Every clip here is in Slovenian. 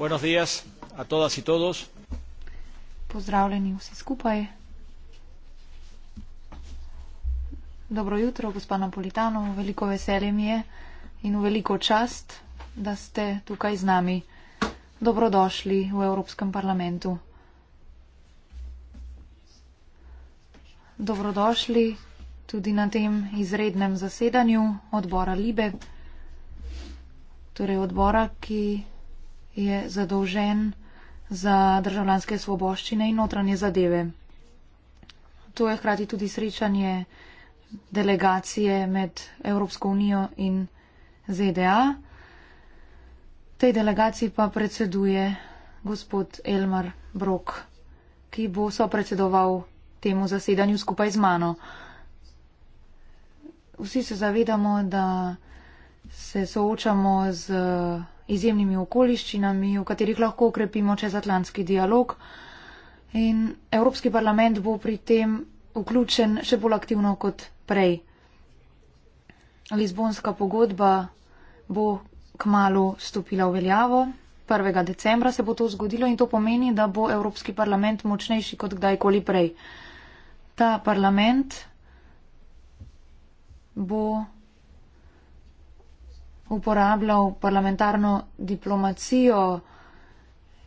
Buenos días a todas y todos. Pozdravljeni vsi skupaj. Dobro jutro, gospod Napolitano. Veliko veselje mi je in veliko čast, da ste tukaj z nami. Dobrodošli v Evropskem parlamentu. Dobrodošli tudi na tem izrednem zasedanju odbora Libe, torej odbora, ki je zadolžen za državljanske svoboščine in notranje zadeve. To je hkrati tudi srečanje delegacije med Evropsko unijo in ZDA. Tej delegaciji pa predseduje gospod Elmar Brok, ki bo sopredsedoval temu zasedanju skupaj z mano. Vsi se zavedamo, da se soočamo z izjemnimi okoliščinami, v katerih lahko ukrepimo čezatlantski dialog. In Evropski parlament bo pri tem vključen še bolj aktivno kot prej. Lizbonska pogodba bo kmalo stopila v veljavo. 1. decembra se bo to zgodilo in to pomeni, da bo Evropski parlament močnejši kot kdajkoli prej. Ta parlament bo uporabljal parlamentarno diplomacijo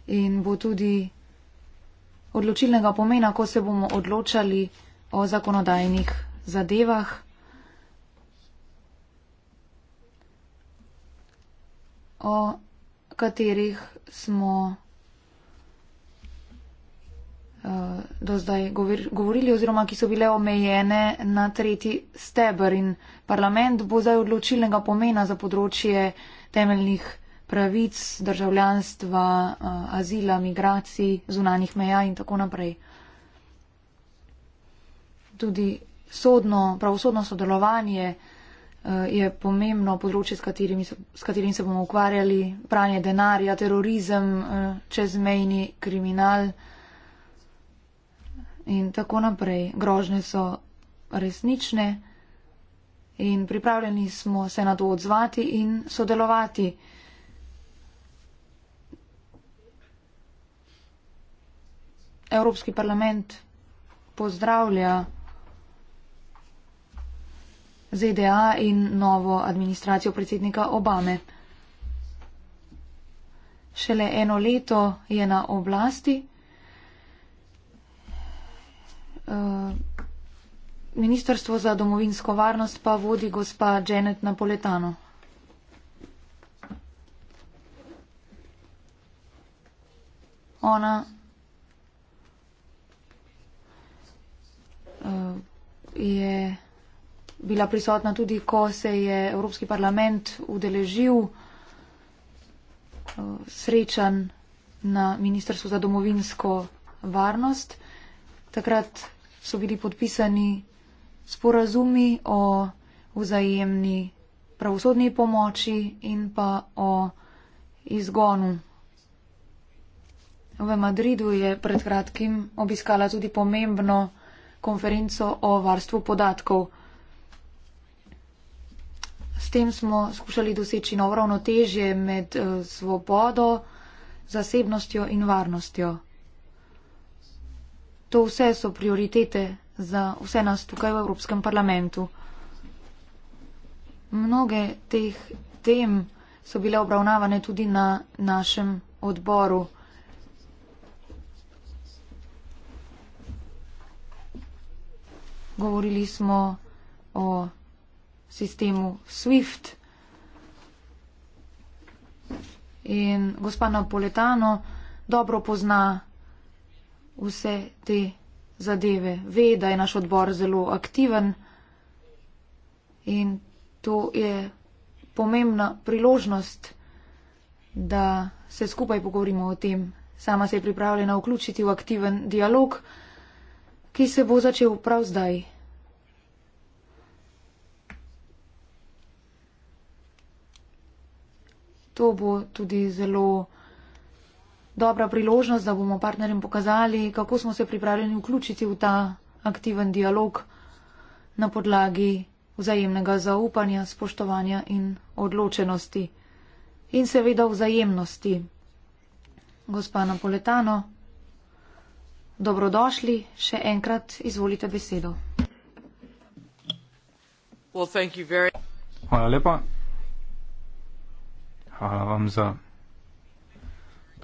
in bo tudi odločilnega pomena, ko se bomo odločali o zakonodajnih zadevah. O katerih smo uh, do zdaj govir, govorili oziroma ki so bile omejene na tretji stebr in parlament bo zdaj odločilnega pomena za področje temeljnih pravic, državljanstva, uh, azila, migracij, zunanih meja in tako naprej. Tudi sodno, pravosodno sodelovanje uh, je pomembno področje, s katerim, so, s katerim se bomo ukvarjali, pranje denarja, terorizem, uh, čezmejni kriminal in tako naprej. Grožne so resnične in pripravljeni smo se na to odzvati in sodelovati. Evropski parlament pozdravlja ZDA in novo administracijo predsednika Obame. Šele eno leto je na oblasti. Eh, Ministrstvo za domovinsko varnost pa vodi gospa Janet Napoletano. Ona. Eh, je bila prisotna tudi, ko se je Evropski parlament udeležil eh, srečan na Ministrstvu za domovinsko varnost. Takrat so bili podpisani sporazumi o vzajemni pravosodni pomoči in pa o izgonu. V Madridu je pred kratkim obiskala tudi pomembno konferenco o varstvu podatkov. S tem smo skušali doseči novo ravnotežje med eh, svobodo, zasebnostjo in varnostjo. To vse so prioritete za vse nas tukaj v Evropskem parlamentu. Mnoge teh tem so bile obravnavane tudi na našem odboru. Govorili smo o sistemu SWIFT in gospa Napoletano dobro pozna vse te zadeve. Ve, da je naš odbor zelo aktiven in to je pomembna priložnost, da se skupaj pogovorimo o tem. Sama se je pripravljena vključiti v aktiven dialog, ki se bo začel prav zdaj. To bo tudi zelo dobra priložnost, da bomo partnerjem pokazali, kako smo se pripravljeni vključiti v ta aktiven dialog na podlagi vzajemnega zaupanja, spoštovanja in odločenosti. In seveda vzajemnosti. Gospa Napoletano, dobrodošli, še enkrat izvolite besedo. Hvala lepa. Hvala vam za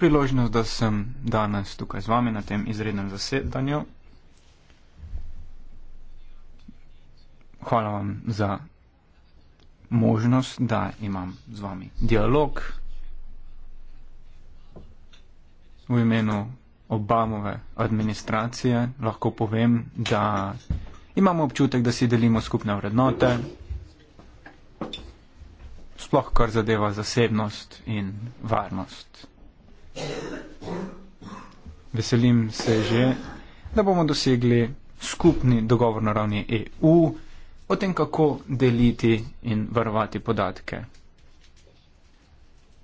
priložnost, da sem danes tukaj z vami na tem izrednem zasedanju. Hvala vam za možnost, da imam z vami dialog v imenu Obamove administracije. Lahko povem, da imamo občutek, da si delimo skupne vrednote, sploh kar zadeva zasebnost in varnost. Veselim se že, da bomo dosegli skupni dogovor na ravni EU o tem, kako deliti in varovati podatke.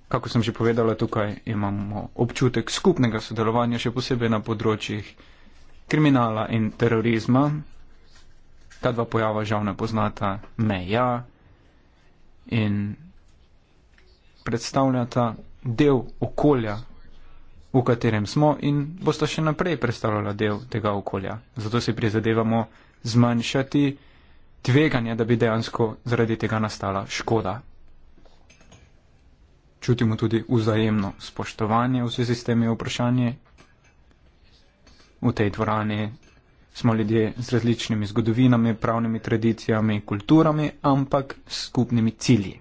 Kako sem že povedala, tukaj imamo občutek skupnega sodelovanja, še posebej na področjih kriminala in terorizma. Ta dva pojava žal ne poznata meja in predstavljata del okolja, v katerem smo in bosta še naprej predstavljala del tega okolja. Zato si prizadevamo zmanjšati tveganje, da bi dejansko zaradi tega nastala škoda. Čutimo tudi vzajemno spoštovanje v zvezi s temi vprašanji. V tej dvorani smo ljudje z različnimi zgodovinami, pravnimi tradicijami, kulturami, ampak s skupnimi cilji.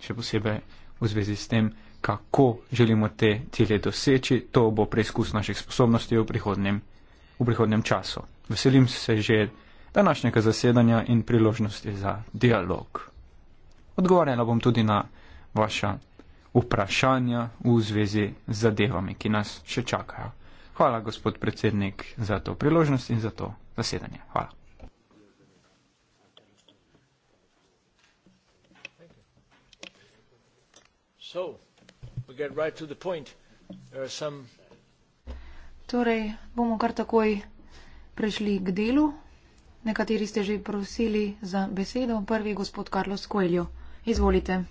Še posebej v zvezi s tem, kako želimo te cilje doseči, to bo preizkus naših sposobnosti v prihodnem, v prihodnem času. Veselim se že današnjega zasedanja in priložnosti za dialog. Odgovarjala bom tudi na vaša vprašanja v zvezi z zadevami, ki nas še čakajo. Hvala, gospod predsednik, za to priložnost in za to zasedanje. Hvala. So. Torej, bomo kar takoj prešli k delu. Nekateri ste že prosili za besedo. Prvi je gospod Karlo Skoljo. Izvolite.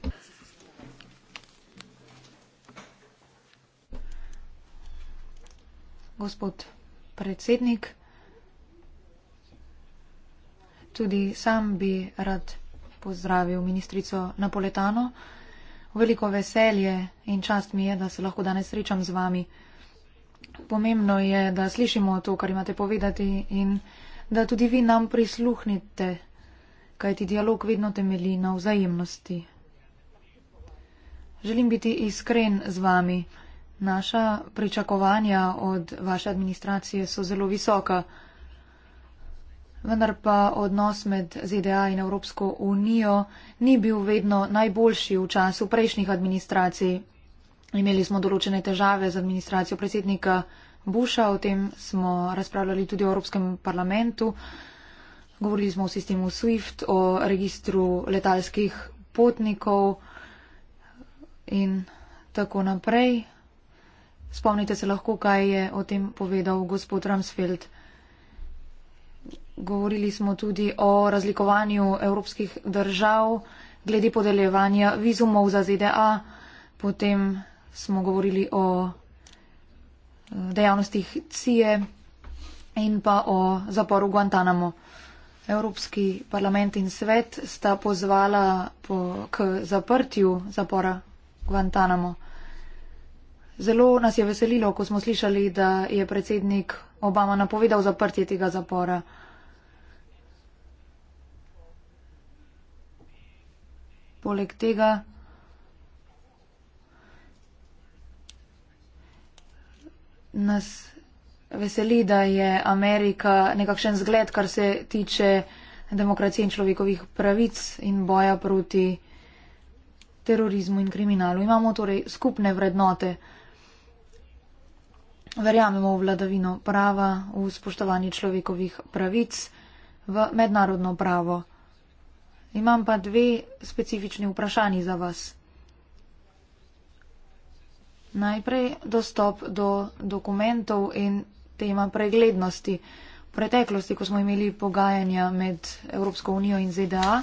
Gospod predsednik, tudi sam bi rad pozdravil ministrico Napoletano veliko veselje in čast mi je, da se lahko danes srečam z vami. Pomembno je, da slišimo to, kar imate povedati in da tudi vi nam prisluhnite, kajti dialog vedno temelji na vzajemnosti. Želim biti iskren z vami. Naša pričakovanja od vaše administracije so zelo visoka vendar pa odnos med ZDA in Evropsko unijo ni bil vedno najboljši v času prejšnjih administracij. Imeli smo določene težave z administracijo predsednika Busha, o tem smo razpravljali tudi v Evropskem parlamentu. Govorili smo o sistemu SWIFT, o registru letalskih potnikov in tako naprej. Spomnite se lahko, kaj je o tem povedal gospod Ramsfeld govorili smo tudi o razlikovanju evropskih držav glede podeljevanja vizumov za ZDA, potem smo govorili o eh, dejavnostih CIE in pa o zaporu Guantanamo. Evropski parlament in svet sta pozvala po, k zaprtju zapora Guantanamo. Zelo nas je veselilo, ko smo slišali, da je predsednik Obama napovedal zaprtje tega zapora. poleg tega nas veseli, da je Amerika nekakšen zgled, kar se tiče demokracije in človekovih pravic in boja proti terorizmu in kriminalu. Imamo torej skupne vrednote. Verjamemo v vladavino prava, v spoštovanje človekovih pravic, v mednarodno pravo. Imam pa dve specifični vprašanji za vas. Najprej dostop do dokumentov in tema preglednosti. V preteklosti, ko smo imeli pogajanja med Evropsko unijo in ZDA,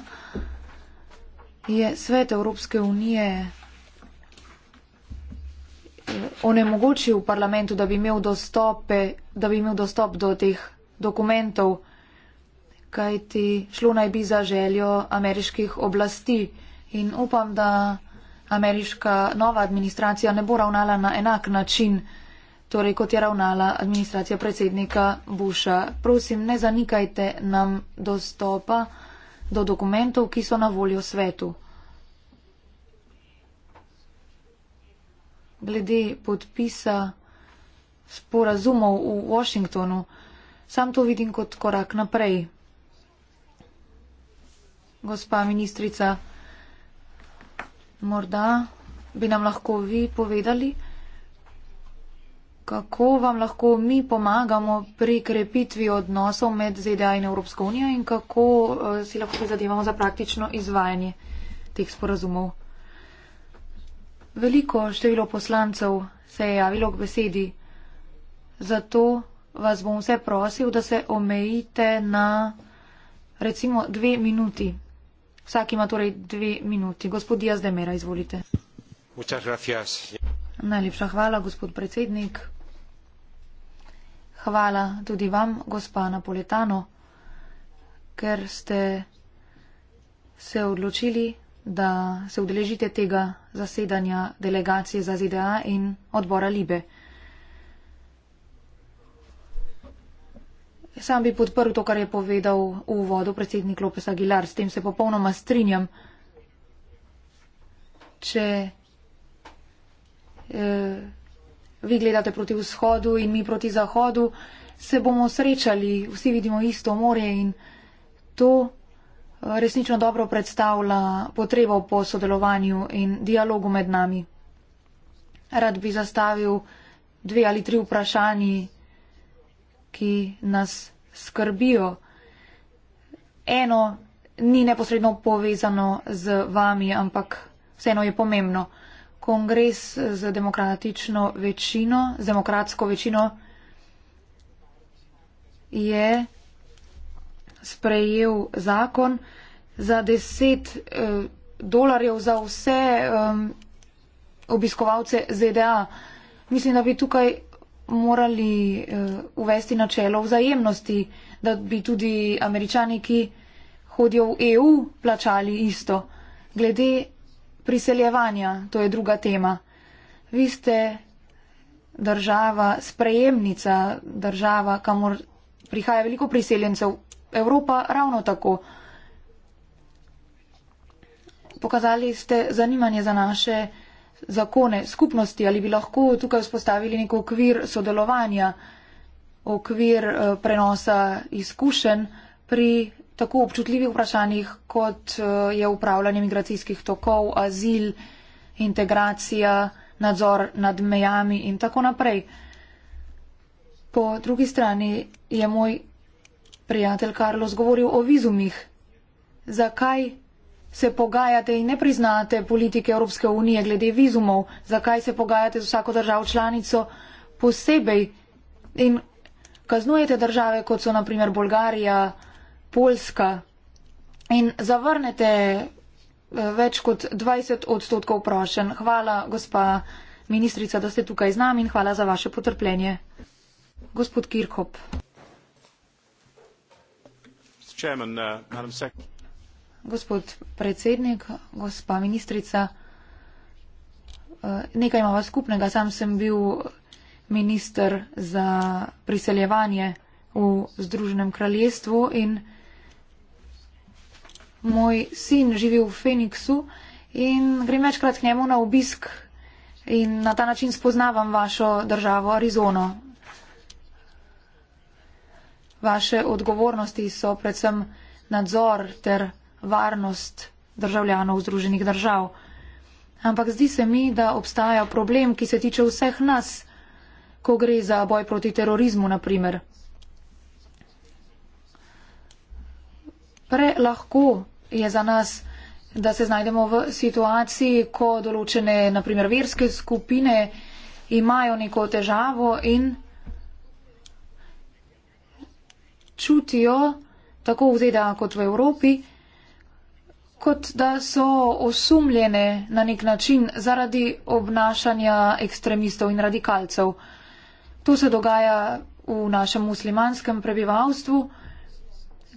je svet Evropske unije eh, onemogočil parlamentu, da bi imel, dostope, da bi imel dostop do teh dokumentov kajti šlo naj bi za željo ameriških oblasti in upam, da ameriška nova administracija ne bo ravnala na enak način, torej kot je ravnala administracija predsednika Busha. Prosim, ne zanikajte nam dostopa do dokumentov, ki so na voljo svetu. Glede podpisa sporazumov v Washingtonu, sam to vidim kot korak naprej. Gospa ministrica, morda bi nam lahko vi povedali, kako vam lahko mi pomagamo pri krepitvi odnosov med ZDA in Evropsko unijo in kako eh, si lahko prizadevamo za praktično izvajanje teh sporazumov. Veliko število poslancev se je javilo k besedi, zato vas bom vse prosil, da se omejite na recimo dve minuti. Vsak ima torej dve minuti. Gospod Diaz Demera, izvolite. Najlepša hvala, gospod predsednik. Hvala tudi vam, gospa Napoletano, ker ste se odločili, da se udeležite tega zasedanja delegacije za ZDA in odbora Libe. Sam bi podprl to, kar je povedal v uvodu predsednik Lopes Aguilar. S tem se popolnoma strinjam. Če eh, vi gledate proti vzhodu in mi proti zahodu, se bomo srečali, vsi vidimo isto morje in to eh, resnično dobro predstavlja potrebo po sodelovanju in dialogu med nami. Rad bi zastavil dve ali tri vprašanje ki nas skrbijo. Eno ni neposredno povezano z vami, ampak vseeno je pomembno. Kongres z demokratično večino, z demokratsko večino je sprejel zakon za 10 eh, dolarjev za vse eh, obiskovalce ZDA. Mislim, da bi tukaj morali uh, uvesti načelo vzajemnosti, da bi tudi američani, ki hodijo v EU, plačali isto. Glede priseljevanja, to je druga tema. Vi ste država, sprejemnica država, kamor prihaja veliko priseljencev. Evropa ravno tako. Pokazali ste zanimanje za naše zakone skupnosti, ali bi lahko tukaj vzpostavili nek okvir sodelovanja, okvir eh, prenosa izkušenj pri tako občutljivih vprašanjih, kot eh, je upravljanje migracijskih tokov, azil, integracija, nadzor nad mejami in tako naprej. Po drugi strani je moj prijatelj Karlos govoril o vizumih. Zakaj se pogajate in ne priznate politike Evropske unije glede vizumov, zakaj se pogajate z vsako državo članico posebej in kaznujete države, kot so naprimer Bolgarija, Poljska in zavrnete eh, več kot 20 odstotkov prošen. Hvala, gospa ministrica, da ste tukaj z nami in hvala za vaše potrpljenje. Gospod Kirkop gospod predsednik, gospa ministrica. Eh, nekaj imamo skupnega, sam sem bil minister za priseljevanje v Združenem kraljestvu in moj sin živi v Feniksu in grem večkrat k njemu na obisk in na ta način spoznavam vašo državo Arizono. Vaše odgovornosti so predvsem nadzor ter varnost državljanov Združenih držav. Ampak zdi se mi, da obstaja problem, ki se tiče vseh nas, ko gre za boj proti terorizmu, naprimer. Prelahko je za nas, da se znajdemo v situaciji, ko določene, naprimer, verske skupine imajo neko težavo in čutijo, tako v ZDA kot v Evropi, kot da so osumljene na nek način zaradi obnašanja ekstremistov in radikalcev. To se dogaja v našem muslimanskem prebivalstvu,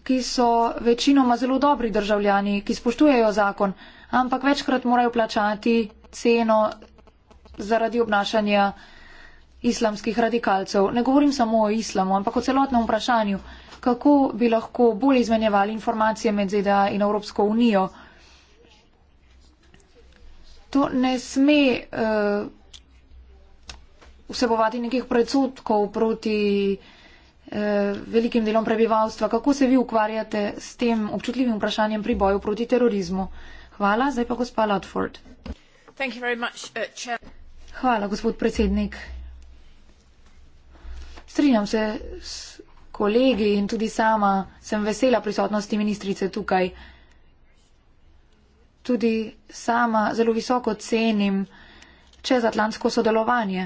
ki so večinoma zelo dobri državljani, ki spoštujejo zakon, ampak večkrat morajo plačati ceno zaradi obnašanja ekstremistov islamskih radikalcev. Ne govorim samo o islamu, ampak o celotnem vprašanju, kako bi lahko bolje izmenjevali informacije med ZDA in Evropsko unijo. To ne sme uh, vsebovati nekih predsotkov proti uh, velikim delom prebivalstva. Kako se vi ukvarjate s tem občutljivim vprašanjem pri boju proti terorizmu? Hvala, zdaj pa gospa Ludford. Uh, Hvala, gospod predsednik strinjam se s kolegi in tudi sama sem vesela prisotnosti ministrice tukaj. Tudi sama zelo visoko cenim čezatlantsko sodelovanje.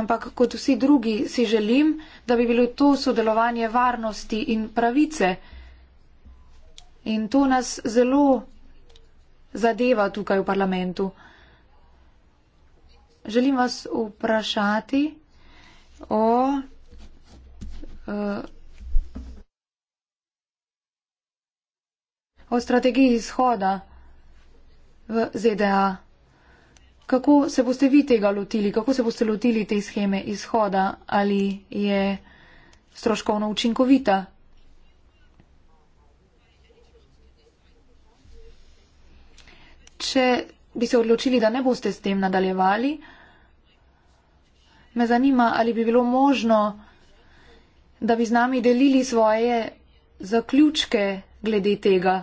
Ampak kot vsi drugi si želim, da bi bilo to sodelovanje varnosti in pravice. In to nas zelo zadeva tukaj v parlamentu. Želim vas vprašati o e, o strategiji izhoda v ZDA. Kako se boste vi tega lotili? Kako se boste lotili te scheme izhoda? Ali je stroškovno učinkovita? Če bi se odločili, da ne boste s tem nadaljevali, me zanima, ali bi bilo možno, da bi z nami delili svoje zaključke glede tega.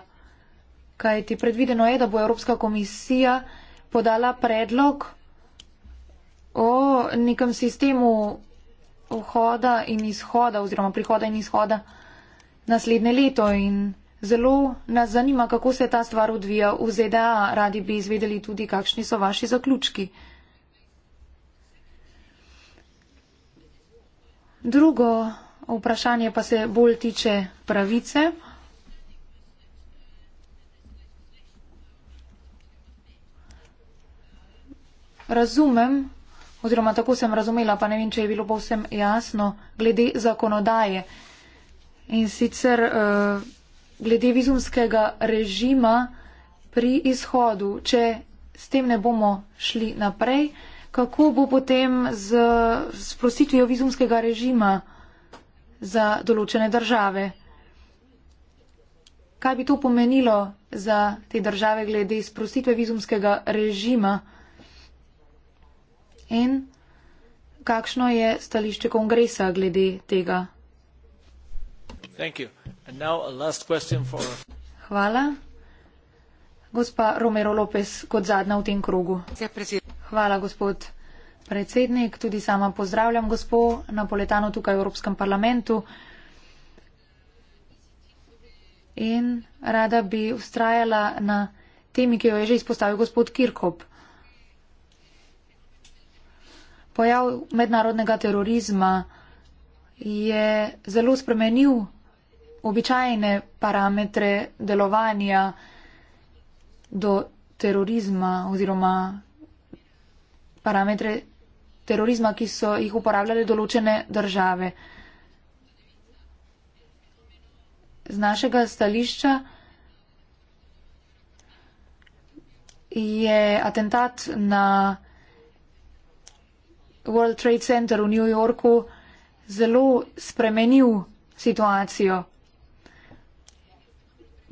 Kaj ti predvideno je, da bo Evropska komisija podala predlog o nekem sistemu vhoda in izhoda oziroma prihoda in izhoda naslednje leto in zelo nas zanima, kako se ta stvar odvija v ZDA. Radi bi izvedeli tudi, kakšni so vaši zaključki. Drugo vprašanje pa se bolj tiče pravice. Razumem, oziroma tako sem razumela, pa ne vem, če je bilo povsem jasno, glede zakonodaje. In sicer eh, glede vizumskega režima pri izhodu, če s tem ne bomo šli naprej, kako bo potem z sprostitvijo vizumskega režima za določene države. Kaj bi to pomenilo za te države glede sprostitve vizumskega režima in kakšno je stališče kongresa glede tega? Hvala. Gospa Romero Lopez kot zadnja v tem krogu. Sí, Hvala, gospod predsednik. Tudi sama pozdravljam gospod Napoletano tukaj v Evropskem parlamentu. In rada bi ustrajala na temi, ki jo je že izpostavil gospod Kirkop. Pojav mednarodnega terorizma je zelo spremenil običajne parametre delovanja do terorizma oziroma parametre terorizma, ki so jih uporabljale določene države. Z našega stališča je atentat na World Trade Center v New Yorku zelo spremenil situacijo.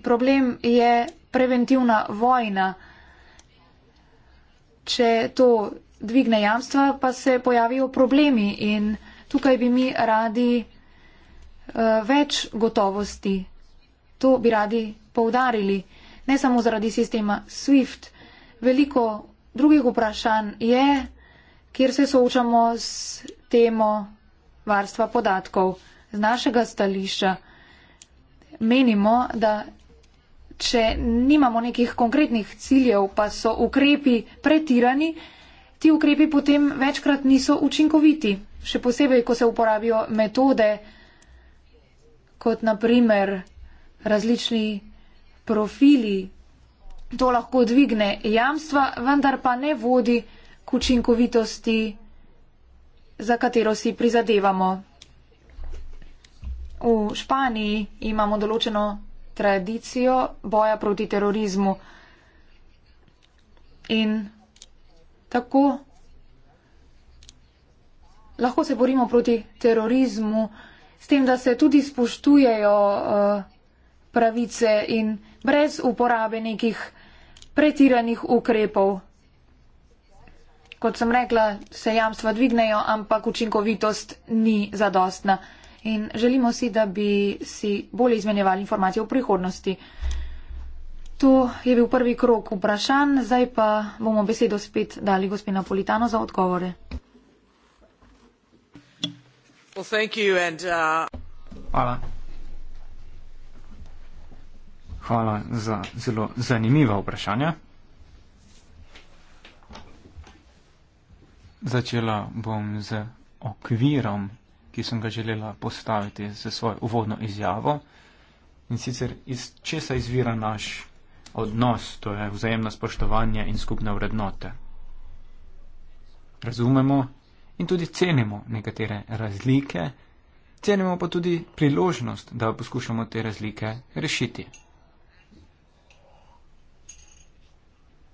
Problem je preventivna vojna. Če to dvigne jamstva, pa se pojavijo problemi in tukaj bi mi radi uh, več gotovosti. To bi radi poudarili, ne samo zaradi sistema SWIFT. Veliko drugih vprašanj je, kjer se soočamo s temo varstva podatkov. Z našega stališča menimo, da če nimamo nekih konkretnih ciljev, pa so ukrepi pretirani, ti ukrepi potem večkrat niso učinkoviti, še posebej, ko se uporabijo metode, kot naprimer različni profili. To lahko dvigne jamstva, vendar pa ne vodi k učinkovitosti, za katero si prizadevamo. V Španiji imamo določeno tradicijo boja proti terorizmu. In tako lahko se borimo proti terorizmu, s tem, da se tudi spoštujejo eh, pravice in brez uporabe nekih pretiranih ukrepov. Kot sem rekla, se jamstva dvignejo, ampak učinkovitost ni zadostna. In želimo si, da bi si bolje izmenjevali informacije v prihodnosti. To je bil prvi krok vprašanj, zdaj pa bomo besedo spet dali gospe Napolitano za odgovore. Uh, Hvala. Hvala za zelo zanimiva vprašanja. Začela bom z okvirom, ki sem ga želela postaviti za svojo uvodno izjavo in sicer iz česa izvira naš odnos, to je vzajemno spoštovanje in skupne vrednote. Razumemo in tudi cenimo nekatere razlike, cenimo pa tudi priložnost, da poskušamo te razlike rešiti.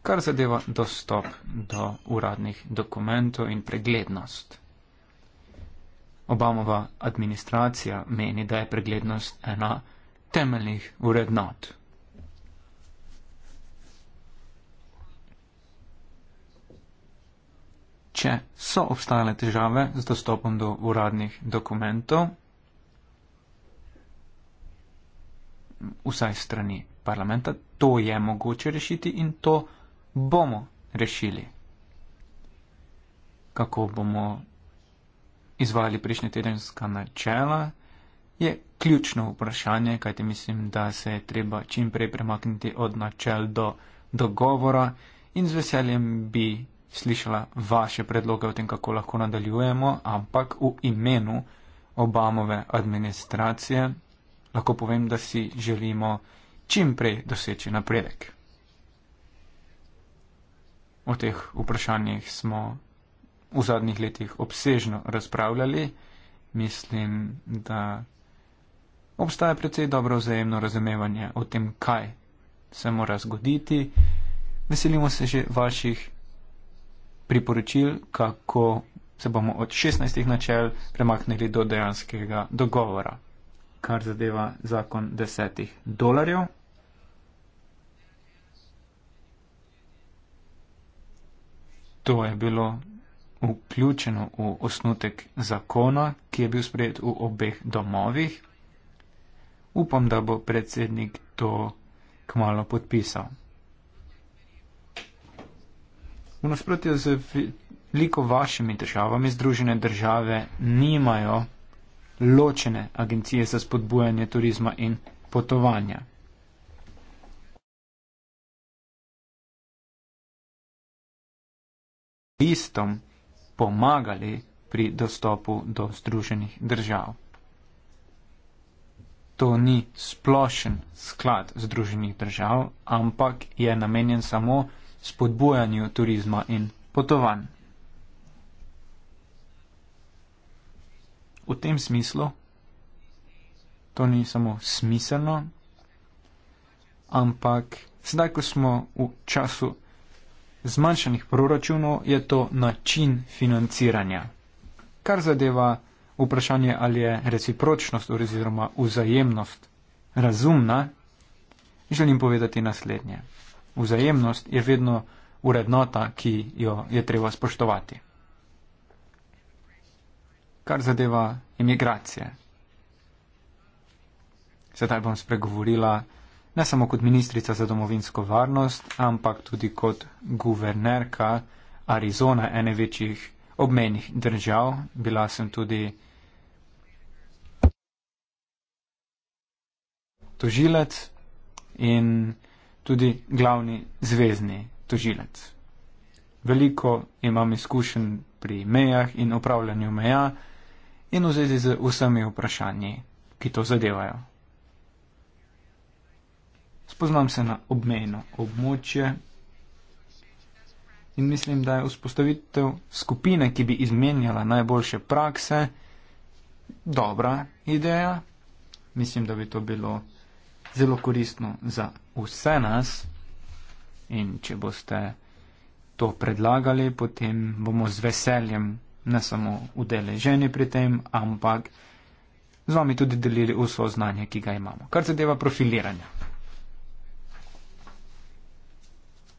Kar zadeva dostop do uradnih dokumentov in preglednost. Obamova administracija meni, da je preglednost ena temeljnih vrednot. če so obstajale težave z dostopom do uradnih dokumentov, vsaj strani parlamenta, to je mogoče rešiti in to bomo rešili. Kako bomo izvajali prejšnje tedenska načela, je ključno vprašanje, kajti mislim, da se je treba čim prej premakniti od načel do dogovora in z veseljem bi slišala vaše predloge o tem, kako lahko nadaljujemo, ampak v imenu Obamove administracije lahko povem, da si želimo čim prej doseči napredek. O teh vprašanjih smo v zadnjih letih obsežno razpravljali. Mislim, da obstaja precej dobro vzajemno razumevanje o tem, kaj se mora zgoditi. Veselimo se že vaših priporočil, kako se bomo od 16 načel premaknili do dejanskega dogovora, kar zadeva zakon 10 dolarjev. To je bilo vključeno v osnutek zakona, ki je bil sprejet v obeh domovih. Upam, da bo predsednik to kmalo podpisal. V nasprotju z veliko vašimi državami, Združene države nimajo ločene agencije za spodbujanje turizma in potovanja. Listom pomagali pri dostopu do Združenih držav. To ni splošen sklad Združenih držav, ampak je namenjen samo spodbujanju turizma in potovanj. V tem smislu to ni samo smiselno, ampak sedaj, ko smo v času zmanjšanih proračunov, je to način financiranja. Kar zadeva vprašanje, ali je recipročnost oziroma vzajemnost razumna, želim povedati naslednje. Vzajemnost je vedno urednota, ki jo je treba spoštovati. Kar zadeva imigracije. Sedaj bom spregovorila ne samo kot ministrica za domovinsko varnost, ampak tudi kot guvernerka Arizone, ene večjih obmejnih držav. Bila sem tudi tožilec in tudi glavni zvezdni tožilec. Veliko imam izkušen pri mejah in upravljanju meja in v zvezi z vsemi vprašanji, ki to zadevajo. Spoznam se na obmejno območje in mislim, da je vzpostavitev skupine, ki bi izmenjala najboljše prakse, dobra ideja. Mislim, da bi to bilo zelo koristno za vse nas in če boste to predlagali, potem bomo z veseljem ne samo udeleženi pri tem, ampak z vami tudi delili vso znanje, ki ga imamo. Kar zadeva profiliranja.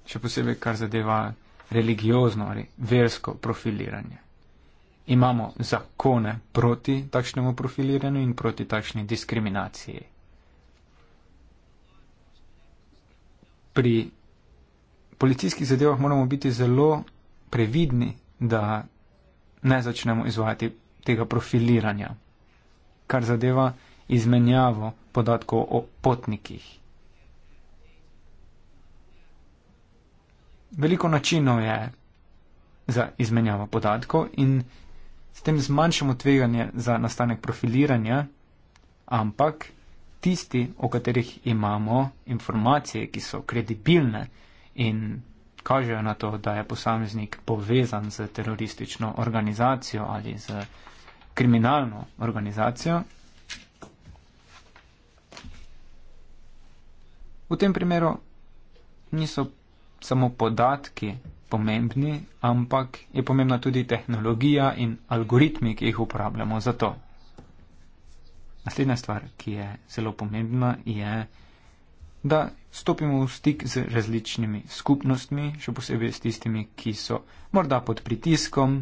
Še posebej, kar zadeva religiozno ali versko profiliranje. Imamo zakone proti takšnemu profiliranju in proti takšni diskriminaciji. pri policijskih zadevah moramo biti zelo previdni, da ne začnemo izvajati tega profiliranja, kar zadeva izmenjavo podatkov o potnikih. Veliko načinov je za izmenjavo podatkov in s tem zmanjšamo tveganje za nastanek profiliranja, ampak tisti, o katerih imamo informacije, ki so kredibilne in kažejo na to, da je posameznik povezan z teroristično organizacijo ali z kriminalno organizacijo. V tem primeru niso samo podatki pomembni, ampak je pomembna tudi tehnologija in algoritmi, ki jih uporabljamo za to. Naslednja stvar, ki je zelo pomembna, je, da stopimo v stik z različnimi skupnostmi, še posebej s tistimi, ki so morda pod pritiskom,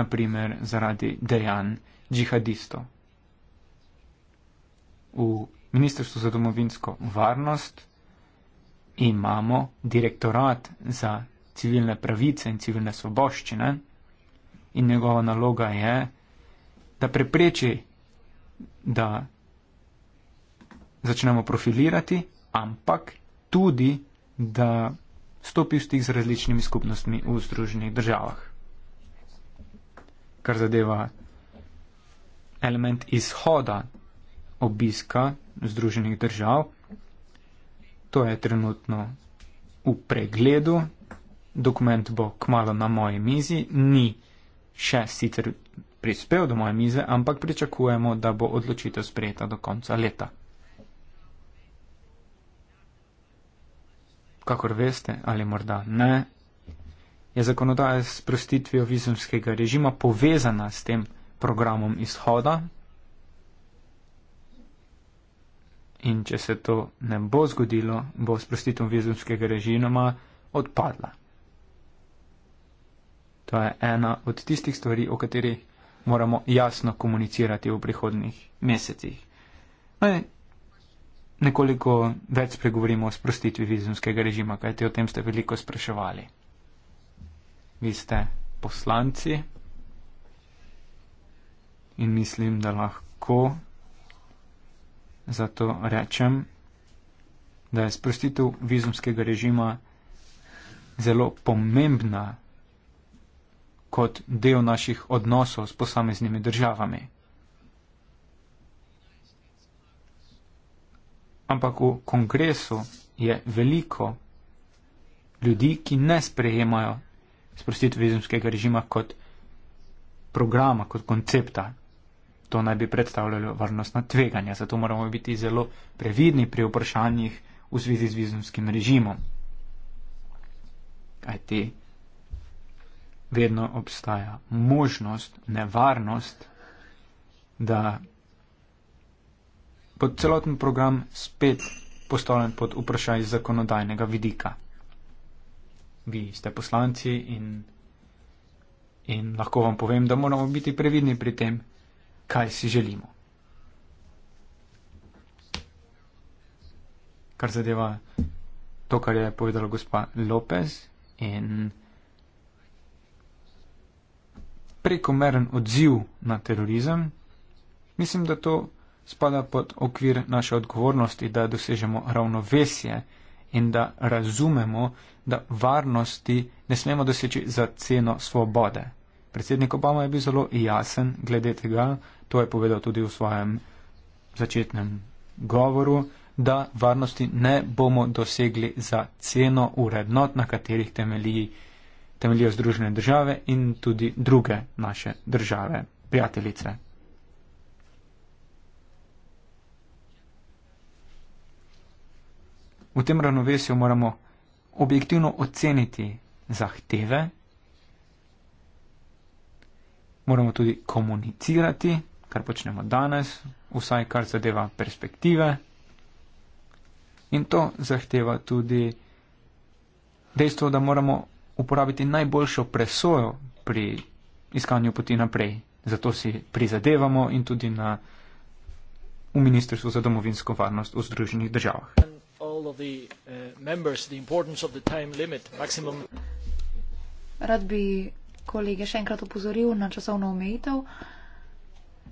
naprimer zaradi dejanj džihadistov. V Ministrstvu za domovinsko varnost imamo direktorat za civilne pravice in civilne svoboščine in njegova naloga je, da prepreči da začnemo profilirati, ampak tudi, da stopi v stik z različnimi skupnostmi v združenih državah. Kar zadeva element izhoda obiska združenih držav, to je trenutno v pregledu, dokument bo kmalo na moji mizi, ni še sicer prispel do moje mize, ampak pričakujemo, da bo odločitev sprejeta do konca leta. Kakor veste ali morda ne, je zakonodaja s prostitvijo vizumskega režima povezana s tem programom izhoda. In če se to ne bo zgodilo, bo sprostitev vizumskega režima odpadla. To je ena od tistih stvari, o katerih moramo jasno komunicirati v prihodnih mesecih. Ne, no, nekoliko več spregovorimo o sprostitvi vizumskega režima, kajte o tem ste veliko spraševali. Vi ste poslanci in mislim, da lahko zato rečem, da je sprostitev vizumskega režima zelo pomembna kot del naših odnosov s posameznimi državami. Ampak v kongresu je veliko ljudi, ki ne sprejemajo sprostitve vizumskega režima kot programa, kot koncepta. To naj bi predstavljalo varnostna tveganja, zato moramo biti zelo previdni pri vprašanjih v zvezi z vizumskim režimom. Kaj ti? vedno obstaja možnost, nevarnost, da pod celoten program spet postavljen pod vprašaj zakonodajnega vidika. Vi ste poslanci in, in lahko vam povem, da moramo biti previdni pri tem, kaj si želimo. Kar zadeva to, kar je povedala gospa Lopez in prekomeren odziv na terorizem, mislim, da to spada pod okvir naše odgovornosti, da dosežemo ravnovesje in da razumemo, da varnosti ne smemo doseči za ceno svobode. Predsednik Obama je bil zelo jasen glede tega, to je povedal tudi v svojem začetnem govoru, da varnosti ne bomo dosegli za ceno urednot, na katerih temelji temeljijo Združene države in tudi druge naše države, prijateljice. V tem ravnovesju moramo objektivno oceniti zahteve, moramo tudi komunicirati, kar počnemo danes, vsaj kar zadeva perspektive. In to zahteva tudi dejstvo, da moramo uporabiti najboljšo presojo pri iskanju poti naprej. Zato si prizadevamo in tudi na, v Ministrstvu za domovinsko varnost v Združenih državah. Uh, Rad bi kolege še enkrat opozoril na časovno omejitev.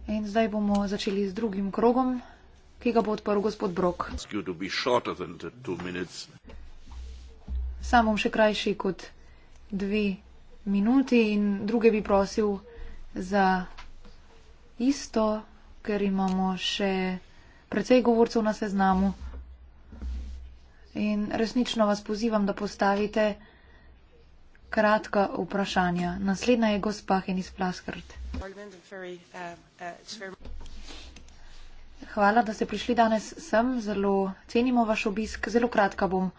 In zdaj bomo začeli z drugim krogom, ki ga bo odprl gospod Brok. Sam bom še krajši kot dve minuti in druge bi prosil za isto, ker imamo še precej govorcev na seznamu. In resnično vas pozivam, da postavite kratka vprašanja. Naslednja je gospa Henis Plaskrt. Hvala, da ste prišli danes sem. Zelo cenimo vaš obisk. Zelo kratka bom.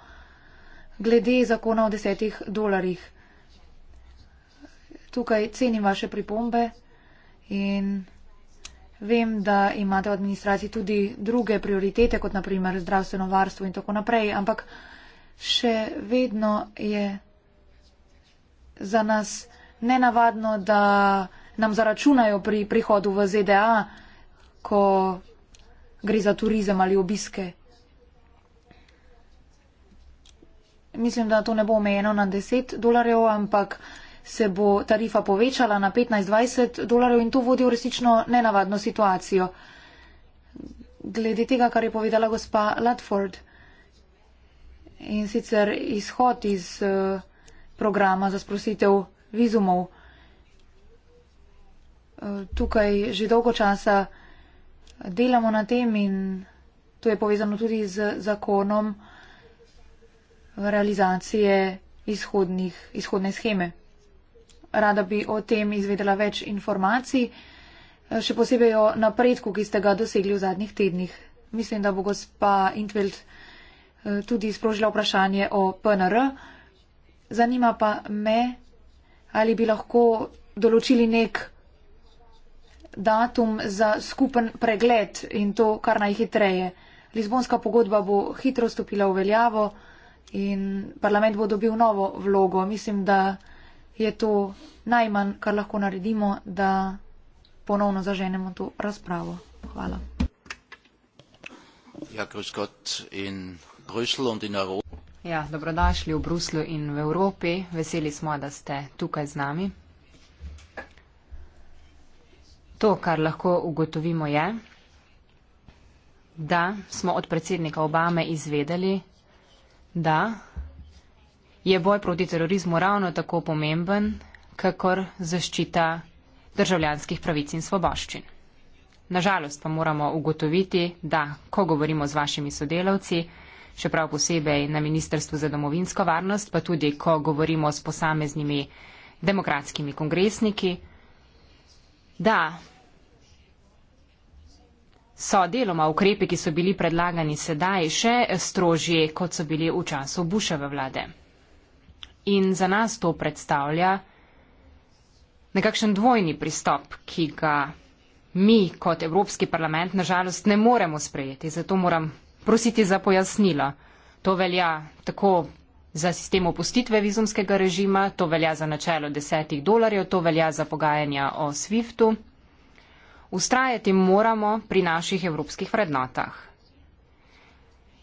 Glede zakona o desetih dolarjih. Tukaj cenim vaše pripombe in vem, da imate v administraciji tudi druge prioritete, kot naprimer zdravstveno varstvo in tako naprej, ampak še vedno je za nas nenavadno, da nam zaračunajo pri prihodu v ZDA, ko gre za turizem ali obiske. Mislim, da to ne bo omejeno na 10 dolarjev, ampak se bo tarifa povečala na 15-20 dolarjev in to vodi v resnično nenavadno situacijo. Glede tega, kar je povedala gospa Ludford in sicer izhod iz eh, programa za sprositev vizumov. Eh, tukaj že dolgo časa delamo na tem in to je povezano tudi z zakonom realizacije izhodnih, izhodne scheme rada bi o tem izvedela več informacij, eh, še posebej o napredku, ki ste ga dosegli v zadnjih tednih. Mislim, da bo gospa Intveld eh, tudi sprožila vprašanje o PNR. Zanima pa me, ali bi lahko določili nek datum za skupen pregled in to kar najhitreje. Lizbonska pogodba bo hitro stopila v veljavo in parlament bo dobil novo vlogo. Mislim, da je to najmanj, kar lahko naredimo, da ponovno zaženemo to razpravo. Hvala. Ja, ja, dobrodošli v Bruslu in v Evropi. Veseli smo, da ste tukaj z nami. To, kar lahko ugotovimo, je, da smo od predsednika Obame izvedeli, da je boj proti terorizmu ravno tako pomemben, kakor zaščita državljanskih pravic in svoboščin. Nažalost pa moramo ugotoviti, da ko govorimo z vašimi sodelavci, še prav posebej na Ministrstvu za domovinsko varnost, pa tudi ko govorimo s posameznimi demokratskimi kongresniki, da so deloma ukrepe, ki so bili predlagani sedaj, še strožje, kot so bili v času Buševe vlade in za nas to predstavlja nekakšen dvojni pristop, ki ga mi kot Evropski parlament nažalost ne moremo sprejeti. Zato moram prositi za pojasnilo. To velja tako za sistem opustitve vizumskega režima, to velja za načelo desetih dolarjev, to velja za pogajanja o SWIFT-u. Ustrajati moramo pri naših evropskih vrednotah.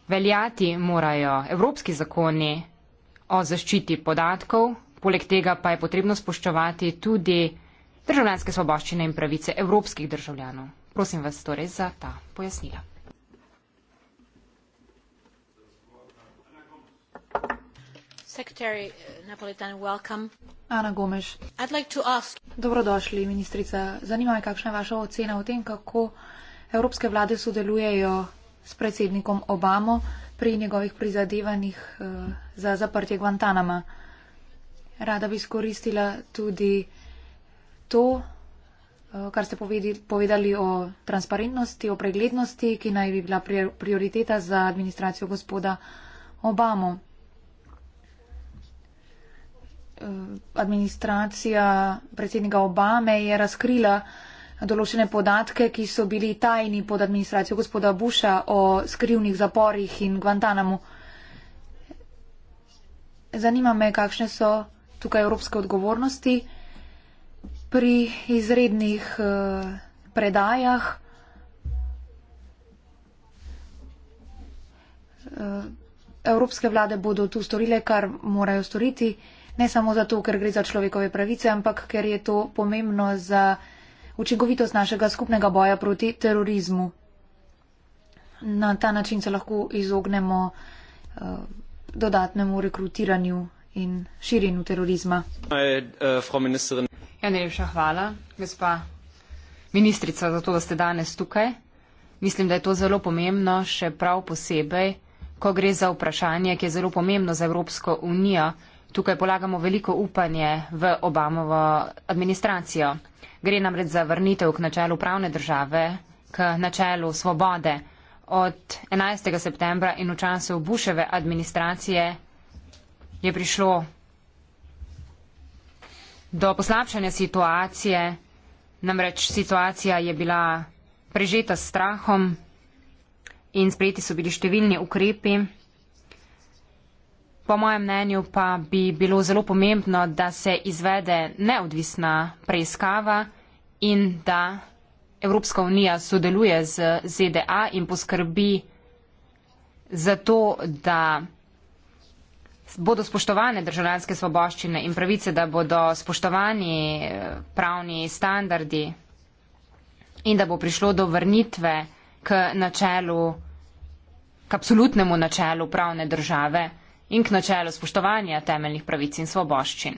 Veljati morajo evropski zakoni, o zaščiti podatkov, poleg tega pa je potrebno spoštovati tudi državljanske svoboščine in pravice evropskih državljanov. Prosim vas torej za ta pojasnila. Ana Gomes. Like ask... Dobrodošli, ministrica. Zanima me, kakšna je vaša ocena o tem, kako evropske vlade sodelujejo s predsednikom Obamo pri njegovih prizadevanjih eh, za zaprtje Guantanama. Rada bi skoristila tudi to, eh, kar ste povedali o transparentnosti, o preglednosti, ki naj bi bila prioriteta za administracijo gospoda Obamo. Eh, administracija predsednika Obame je razkrila, določene podatke, ki so bili tajni pod administracijo gospoda Busha o skrivnih zaporih in Guantanamu. Zanima me, kakšne so tukaj evropske odgovornosti pri izrednih eh, predajah. Eh, evropske vlade bodo tu storile, kar morajo storiti, ne samo zato, ker gre za človekove pravice, ampak ker je to pomembno za učinkovitost našega skupnega boja proti terorizmu. Na ta način se lahko izognemo uh, dodatnemu rekrutiranju in širjenju terorizma. Eh, eh, ja, najlepša hvala, gospa ministrica, za to, da ste danes tukaj. Mislim, da je to zelo pomembno, še prav posebej, ko gre za vprašanje, ki je zelo pomembno za Evropsko unijo. Tukaj polagamo veliko upanje v Obamovo administracijo. Gre namreč za vrnitev k načelu pravne države, k načelu svobode. Od 11. septembra in v času Buševe administracije je prišlo do poslabšanja situacije, namreč situacija je bila prežeta s strahom in sprejeti so bili številni ukrepi. Po mojem mnenju pa bi bilo zelo pomembno, da se izvede neodvisna preiskava in da Evropska unija sodeluje z ZDA in poskrbi za to, da bodo spoštovane državljanske svoboščine in pravice, da bodo spoštovani eh, pravni standardi in da bo prišlo do vrnitve k načelu, k absolutnemu načelu pravne države in k načelu spoštovanja temeljnih pravic in svoboščin.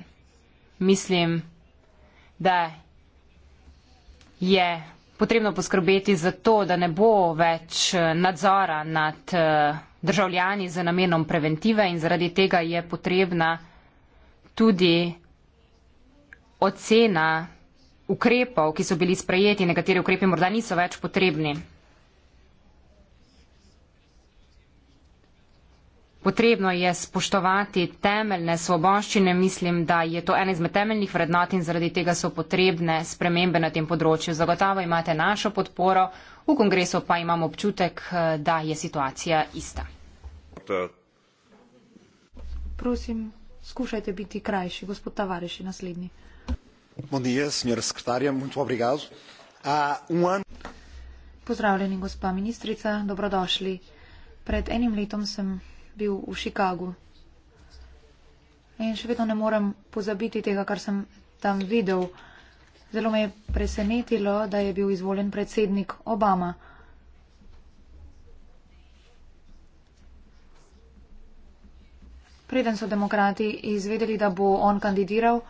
Mislim, da je potrebno poskrbeti za to, da ne bo več eh, nadzora nad eh, državljani z namenom preventive in zaradi tega je potrebna tudi ocena ukrepov, ki so bili sprejeti, nekateri ukrepi morda niso več potrebni. Potrebno je spoštovati temeljne svoboščine, mislim, da je to ena izmed temeljnih vrednot in zaradi tega so potrebne spremembe na tem področju. Zagotovo imate našo podporo, v kongresu pa imam občutek, eh, da je situacija ista. Prosim, skušajte biti krajši, gospod Tavareši, naslednji. Um Pozdravljeni, gospa ministrica, dobrodošli. Pred enim letom sem bil v Chicagu. In še vedno ne morem pozabiti tega, kar sem tam videl. Zelo me je presenetilo, da je bil izvoljen predsednik Obama. Preden so demokrati izvedeli, da bo on kandidiral,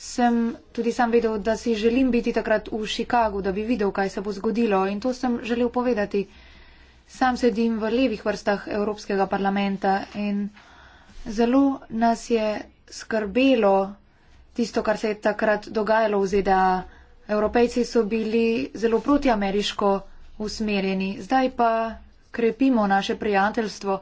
sem tudi sam vedel, da si želim biti takrat v Chicagu, da bi videl, kaj se bo zgodilo. In to sem želel povedati. Sam sedim v levih vrstah Evropskega parlamenta in zelo nas je skrbelo tisto, kar se je takrat dogajalo v ZDA. Evropejci so bili zelo protiameriško usmerjeni, zdaj pa krepimo naše prijateljstvo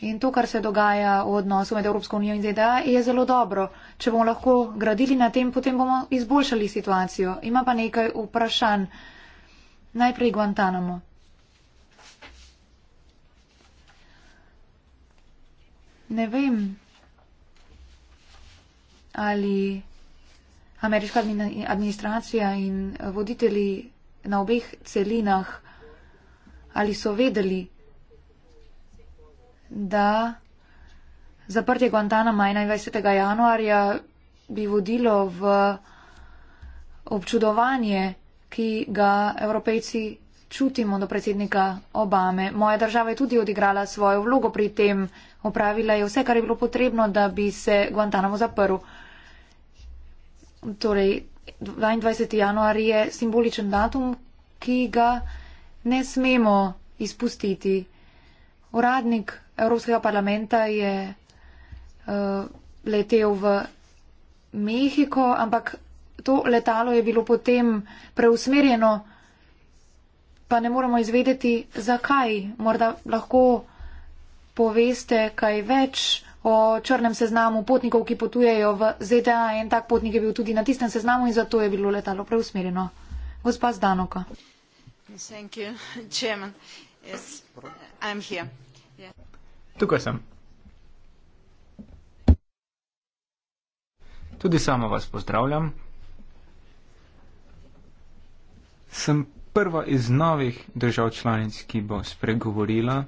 in to, kar se dogaja v odnosu med Evropsko unijo in ZDA, je zelo dobro. Če bomo lahko gradili na tem, potem bomo izboljšali situacijo. Ima pa nekaj vprašanj. Najprej Guantanamo. ne vem, ali ameriška administracija in voditelji na obeh celinah, ali so vedeli, da zaprtje Guantanama 21. januarja bi vodilo v občudovanje, ki ga evropejci čutimo do predsednika Obame. Moja država je tudi odigrala svojo vlogo pri tem, opravila je vse, kar je bilo potrebno, da bi se Guantanamo zaprl. Torej, 22. januar je simboličen datum, ki ga ne smemo izpustiti. Uradnik Evropskega parlamenta je uh, letel v Mehiko, ampak to letalo je bilo potem preusmerjeno, pa ne moremo izvedeti, zakaj. Morda lahko poveste kaj več o črnem seznamu potnikov, ki potujejo v ZDA. En tak potnik je bil tudi na tistem seznamu in zato je bilo letalo preusmerjeno. Gospa Zdanoka. Yes. Yeah. Tukaj sem. Tudi sama vas pozdravljam. Sem prva iz novih držav članic, ki bo spregovorila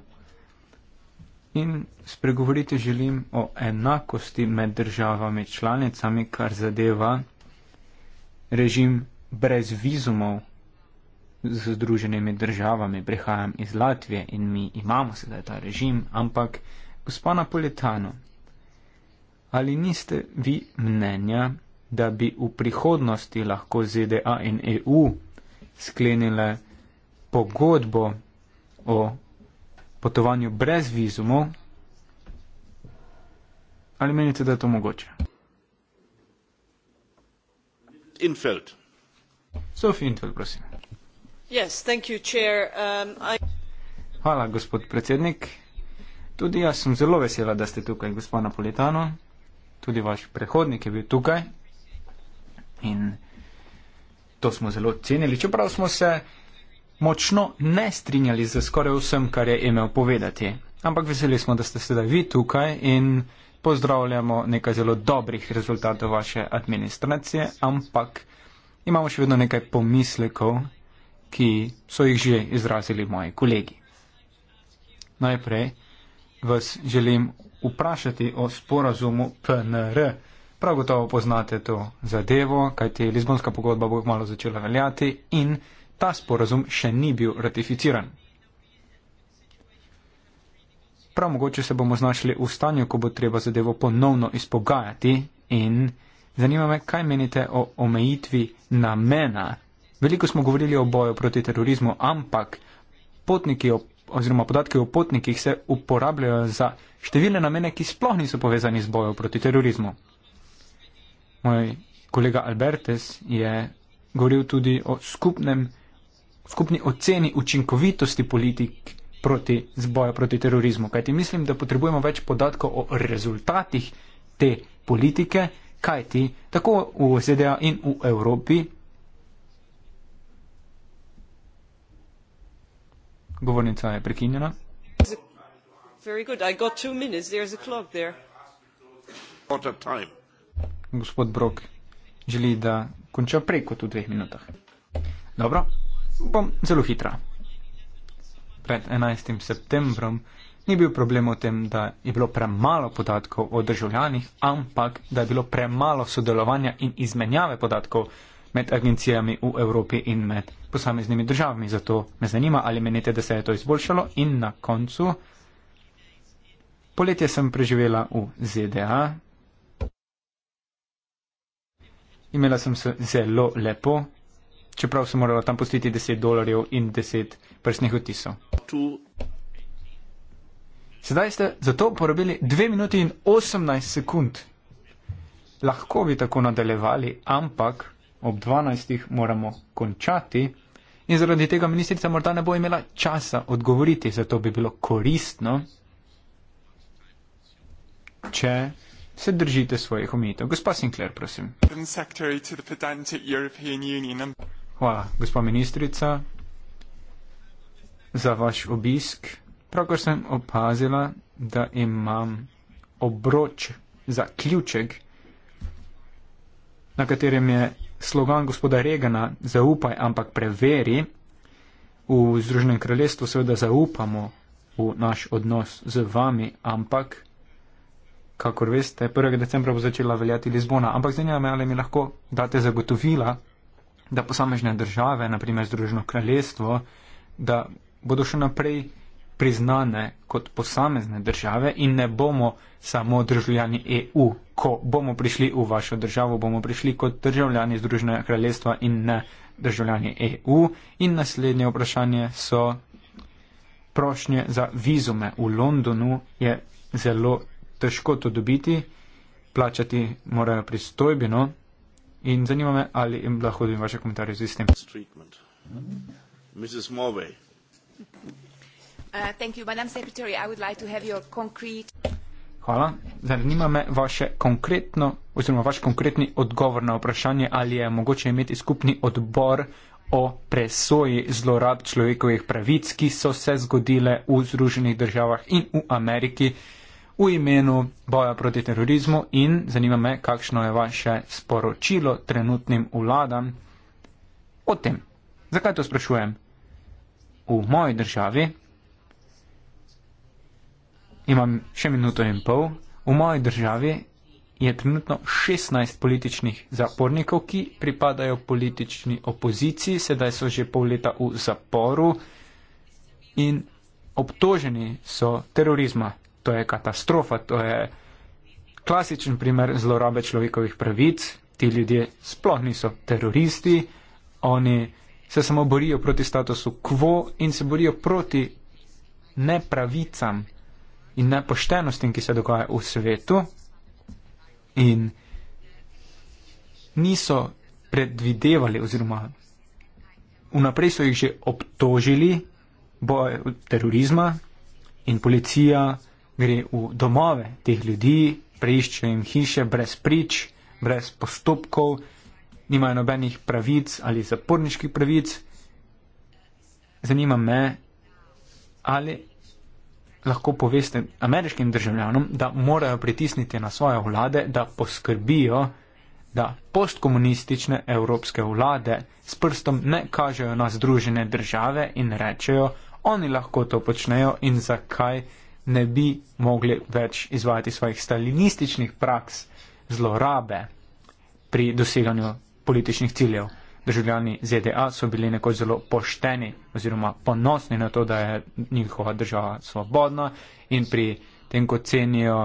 In spregovoriti želim o enakosti med državami članicami, kar zadeva režim brez vizumov z združenimi državami. Prihajam iz Latvije in mi imamo sedaj ta režim, ampak gospod Napolitano, ali niste vi mnenja, da bi v prihodnosti lahko ZDA in EU sklenile pogodbo o potovanju brez vizumov. Ali menite, da je to mogoče? Infeld. Sof Infeld, prosim. Yes, thank you, chair. Um, I... Hvala, gospod predsednik. Tudi jaz sem zelo vesela, da ste tukaj, gospod Napolitano. Tudi vaš prehodnik je bil tukaj. In to smo zelo cenili, čeprav smo se močno ne strinjali z skoraj vsem, kar je imel povedati. Ampak veseli smo, da ste sedaj vi tukaj in pozdravljamo nekaj zelo dobrih rezultatov vaše administracije, ampak imamo še vedno nekaj pomislekov, ki so jih že izrazili moji kolegi. Najprej vas želim vprašati o sporazumu PNR. Prav gotovo poznate to zadevo, kajti Lizbonska pogodba bo kmalo začela veljati in ta sporazum še ni bil ratificiran. Prav mogoče se bomo znašli v stanju, ko bo treba zadevo ponovno izpogajati in zanima me, kaj menite o omejitvi namena. Veliko smo govorili o boju proti terorizmu, ampak potniki oziroma podatki o potnikih se uporabljajo za številne namene, ki sploh niso povezani z bojo proti terorizmu. Moj kolega Albertes je govoril tudi o skupnem skupni oceni učinkovitosti politik proti zboju proti terorizmu. Kajti mislim, da potrebujemo več podatkov o rezultatih te politike, kajti tako v ZDA in v Evropi. Govornica je prekinjena. Gospod Brok želi, da konča preko tu dveh minutah. Dobro, pa zelo hitra. Pred 11. septembrom ni bil problem v tem, da je bilo premalo podatkov o državljanih, ampak da je bilo premalo sodelovanja in izmenjave podatkov med agencijami v Evropi in med posameznimi državami. Zato me zanima, ali menite, da se je to izboljšalo in na koncu. Poletje sem preživela v ZDA. Imela sem se zelo lepo, čeprav so morali tam pustiti 10 dolarjev in 10 prstnih otisov. Sedaj ste za to porabili 2 minuti in 18 sekund. Lahko bi tako nadaljevali, ampak ob 12. moramo končati in zaradi tega ministrica morda ne bo imela časa odgovoriti, zato bi bilo koristno, če se držite svojih omejitev. Gospa Sinclair, prosim. Hvala, gospod ministrica, za vaš obisk. Pravkar sem opazila, da imam obroč za ključek, na katerem je slogan gospoda Regana Zaupaj, ampak preveri. V Združenem kraljestvu seveda zaupamo v naš odnos z vami, ampak, kakor veste, 1. decembra bo začela veljati Lizbona. Ampak zanima me, ali mi lahko date zagotovila, da posamežne države, naprimer Združeno kraljestvo, da bodo še naprej priznane kot posamezne države in ne bomo samo državljani EU. Ko bomo prišli v vašo državo, bomo prišli kot državljani Združenega kraljestva in ne državljani EU. In naslednje vprašanje so prošnje za vizume. V Londonu je zelo težko to dobiti, plačati morajo pristojbino. In zanima me, ali im lahko dobim vaše komentarje z uh, istim. Hvala. Zanima me vaše konkretno, oziroma vaš konkretni odgovor na vprašanje, ali je mogoče imeti skupni odbor o presoji zlorab človekovih pravic, ki so se zgodile v Združenih državah in v Ameriki v imenu boja proti terorizmu in zanima me, kakšno je vaše sporočilo trenutnim vladam o tem. Zakaj to sprašujem? V moji državi imam še minuto in pol. V moji državi je trenutno 16 političnih zapornikov, ki pripadajo politični opoziciji, sedaj so že pol leta v zaporu in obtoženi so terorizma to je katastrofa, to je klasičen primer zlorabe človekovih pravic. Ti ljudje sploh niso teroristi, oni se samo borijo proti statusu quo in se borijo proti nepravicam in nepoštenostim, ki se dogajajo v svetu. In niso predvidevali oziroma vnaprej so jih že obtožili boje terorizma in policija, gre v domove teh ljudi, preišče jim hiše brez prič, brez postopkov, nimajo nobenih pravic ali zaporniških pravic. Zanima me, ali lahko poveste ameriškim državljanom, da morajo pritisniti na svoje vlade, da poskrbijo, da postkomunistične evropske vlade s prstom ne kažejo na združene države in rečejo, oni lahko to počnejo in zakaj ne bi mogli več izvajati svojih stalinističnih praks zlorabe pri doseganju političnih ciljev. Državljani ZDA so bili nekoč zelo pošteni oziroma ponosni na to, da je njihova država svobodna in pri tem, ko cenijo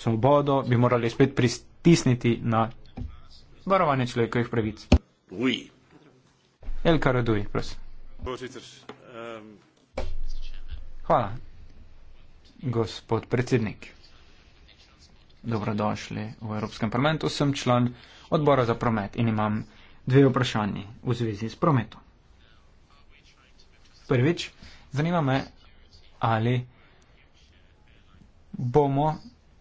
svobodo, bi morali spet pristisniti na varovanje človekovih pravic. Oui. El Karaduj, prosim. Ehm, Hvala gospod predsednik. Dobrodošli v Evropskem parlamentu. Sem član odbora za promet in imam dve vprašanje v zvezi s prometom. Prvič, zanima me, ali bomo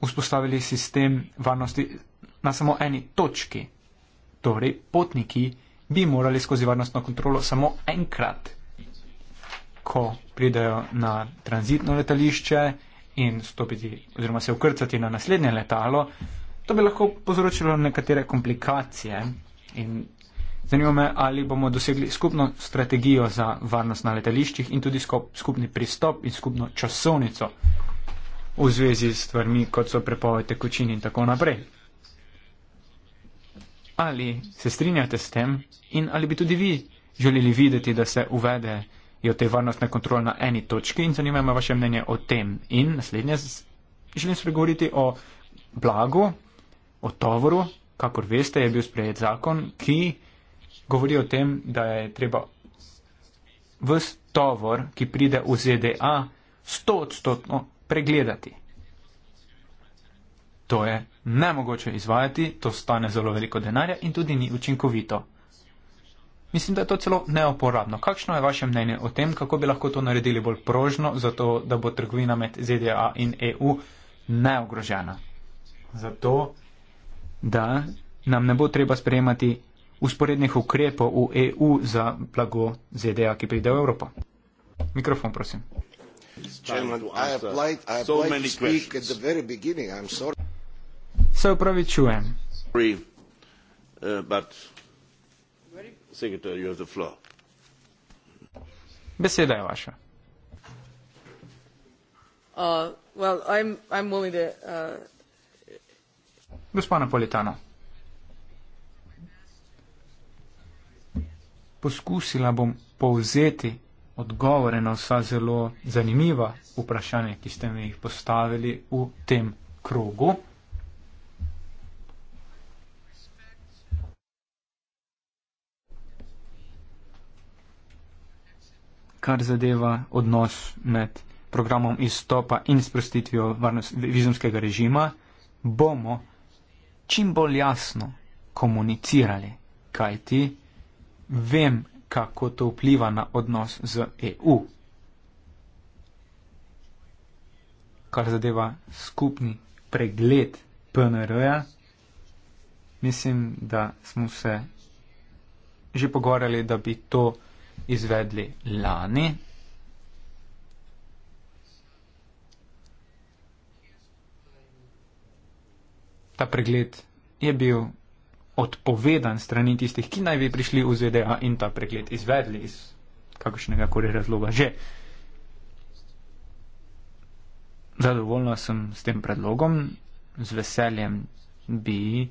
vzpostavili sistem varnosti na samo eni točki. Torej, potniki bi morali skozi varnostno kontrolo samo enkrat, ko pridejo na tranzitno letališče, in stopiti oziroma se ukrcati na naslednje letalo, to bi lahko povzročilo nekatere komplikacije. In zanima me, ali bomo dosegli skupno strategijo za varnost na letališčih in tudi skupni pristop in skupno časovnico v zvezi s stvarmi, kot so prepoved tekočin in tako naprej. Ali se strinjate s tem in ali bi tudi vi želeli videti, da se uvede je te varnostne kontrole na eni točki in zanima me vaše mnenje o tem. In naslednje, želim spregovoriti o blagu, o tovoru, kakor veste, je bil sprejet zakon, ki govori o tem, da je treba ves tovor, ki pride v ZDA, sto odstotno pregledati. To je nemogoče izvajati, to stane zelo veliko denarja in tudi ni učinkovito. Mislim, da je to celo neoporabno. Kakšno je vaše mnenje o tem, kako bi lahko to naredili bolj prožno, zato da bo trgovina med ZDA in EU neogrožena? Zato, da nam ne bo treba sprejemati usporednih ukrepov v EU za blago ZDA, ki pride v Evropo. Mikrofon, prosim. Se upravičujem. Secretary, you have the floor. Beseda je vaša. Uh, well, I'm, I'm willing to... Uh... Gospa Napolitano. Poskusila bom povzeti odgovore na vsa zelo zanimiva vprašanja, ki ste mi jih postavili v tem krogu. kar zadeva odnos med programom izstopa in sprostitvijo vizumskega režima, bomo čim bolj jasno komunicirali, kaj ti vem, kako to vpliva na odnos z EU. Kar zadeva skupni pregled PNR-ja, mislim, da smo se že pogovarjali, da bi to izvedli lani. Ta pregled je bil odpovedan strani tistih, ki naj bi prišli v ZDA in ta pregled izvedli iz kakršnega koli razloga že. Zadovoljna sem s tem predlogom, z veseljem bi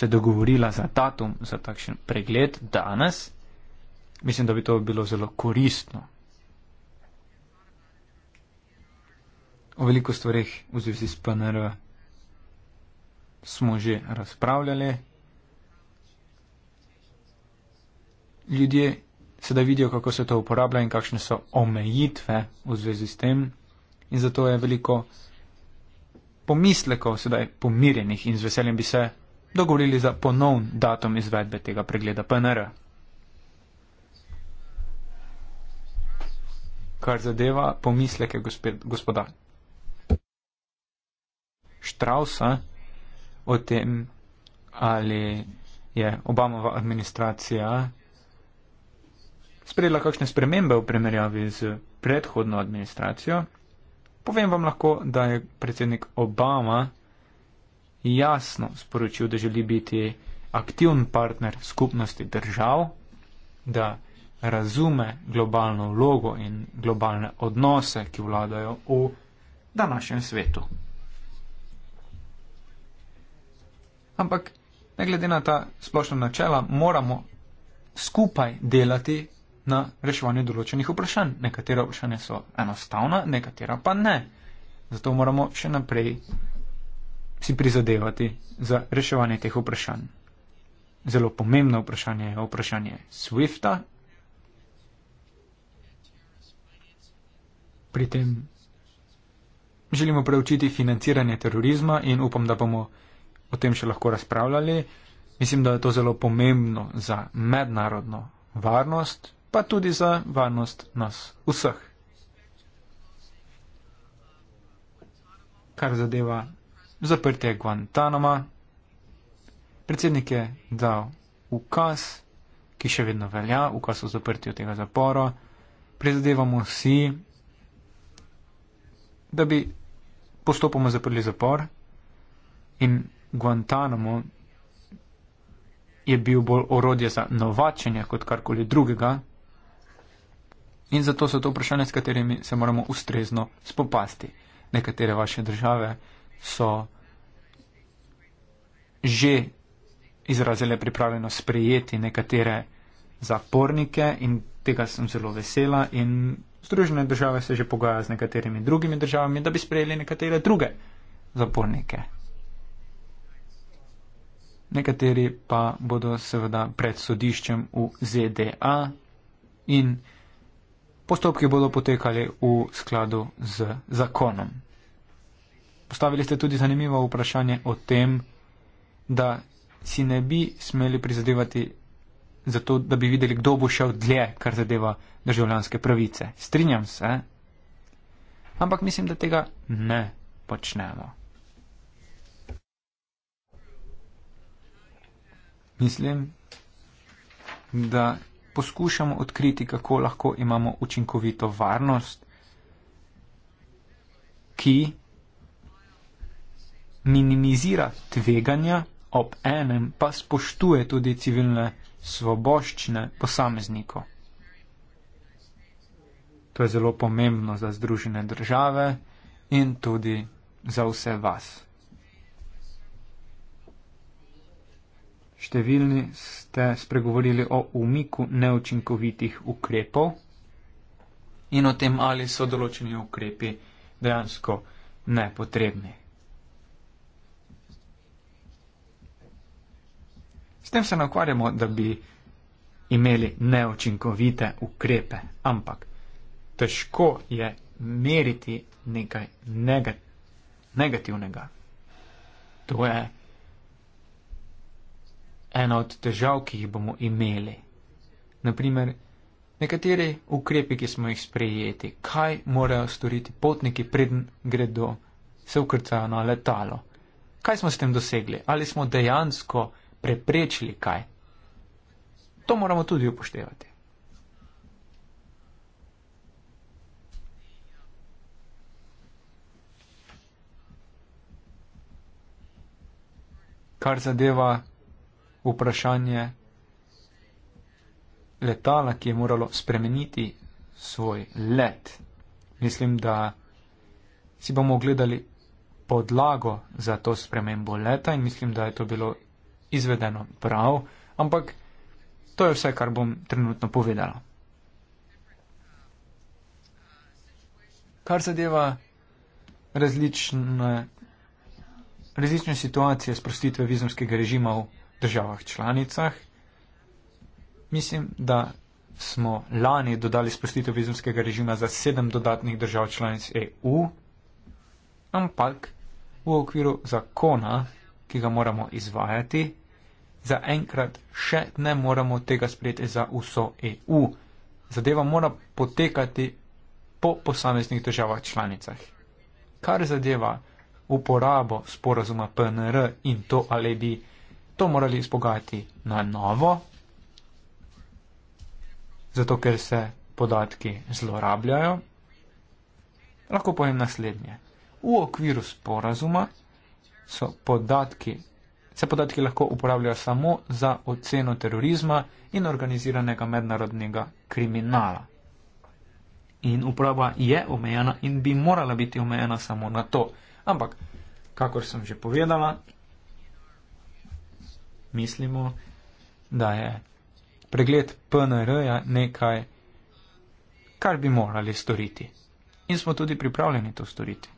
se dogovorila za datum za takšen pregled danes. Mislim, da bi to bilo zelo koristno. O veliko stvarih v zvezi s PNR smo že razpravljali. Ljudje sedaj vidijo, kako se to uporablja in kakšne so omejitve v zvezi s tem. In zato je veliko pomislekov sedaj pomirjenih in z veseljem bi se dogovorili za ponovn datum izvedbe tega pregleda PNR. -a. kar zadeva pomisleke gospodar. Štrausa o tem, ali je Obamova administracija sprejela kakšne spremembe v primerjavi z predhodno administracijo, povem vam lahko, da je predsednik Obama jasno sporočil, da želi biti aktivn partner skupnosti držav, da razume globalno vlogo in globalne odnose, ki vladajo v današnjem svetu. Ampak, ne glede na ta splošna načela, moramo skupaj delati na reševanju določenih vprašanj. Nekatera vprašanja so enostavna, nekatera pa ne. Zato moramo še naprej si prizadevati za reševanje teh vprašanj. Zelo pomembno vprašanje je vprašanje SWIFT-a pri tem. Želimo preučiti financiranje terorizma in upam, da bomo o tem še lahko razpravljali. Mislim, da je to zelo pomembno za mednarodno varnost, pa tudi za varnost nas vseh. Kar zadeva zaprtje Guantanama, predsednik je dal ukaz, ki še vedno velja, ukaz o zaprtju tega zapora. Prizadevamo si, da bi postopoma zaprli zapor in Guantanamo je bil bolj orodje za novačenje kot karkoli drugega in zato so to vprašanja, s katerimi se moramo ustrezno spopasti. Nekatere vaše države so že izrazile pripravljeno sprejeti nekatere zapornike in tega sem zelo vesela in Združene države se že pogajajo z nekaterimi drugimi državami, da bi sprejeli nekatere druge zapornike. Nekateri pa bodo seveda pred sodiščem v ZDA in postopki bodo potekali v skladu z zakonom. Postavili ste tudi zanimivo vprašanje o tem, da si ne bi smeli prizadevati zato da bi videli, kdo bo šel dlje, kar zadeva državljanske pravice. Strinjam se, ampak mislim, da tega ne počnemo. Mislim, da poskušamo odkriti, kako lahko imamo učinkovito varnost, ki minimizira tveganja, ob enem pa spoštuje tudi civilne svoboščine posameznikov. To je zelo pomembno za združene države in tudi za vse vas. Številni ste spregovorili o umiku neučinkovitih ukrepov in o tem, ali so določeni ukrepi dejansko nepotrebni. S tem se ne ukvarjamo, da bi imeli neočinkovite ukrepe, ampak težko je meriti nekaj negativnega. To je ena od težav, ki jih bomo imeli. Naprimer, nekateri ukrepi, ki smo jih sprejeti, kaj morajo storiti potniki, preden gredo, se ukrcajo na letalo. Kaj smo s tem dosegli? Ali smo dejansko preprečili kaj. To moramo tudi upoštevati. Kar zadeva vprašanje letala, ki je moralo spremeniti svoj let. Mislim, da si bomo ogledali podlago za to spremembo leta in mislim, da je to bilo izvedeno prav, ampak to je vse, kar bom trenutno povedala. Kar zadeva različne, različne situacije sprostitve vizumskega režima v državah članicah, mislim, da smo lani dodali sprostitev vizumskega režima za sedem dodatnih držav članic EU, ampak v okviru zakona ki ga moramo izvajati. Zaenkrat še ne moramo tega sprejeti za vso EU. Zadeva mora potekati po posameznih državah članicah. Kar zadeva uporabo sporazuma PNR in to, ali bi to morali izpogajati na novo, zato ker se podatki zlorabljajo, lahko povem naslednje. V okviru sporazuma so podatki. Se podatki lahko uporabljajo samo za oceno terorizma in organiziranega mednarodnega kriminala. In uporaba je omejena in bi morala biti omejena samo na to. Ampak, kakor sem že povedala, mislimo, da je pregled PNR-ja nekaj, kar bi morali storiti. In smo tudi pripravljeni to storiti.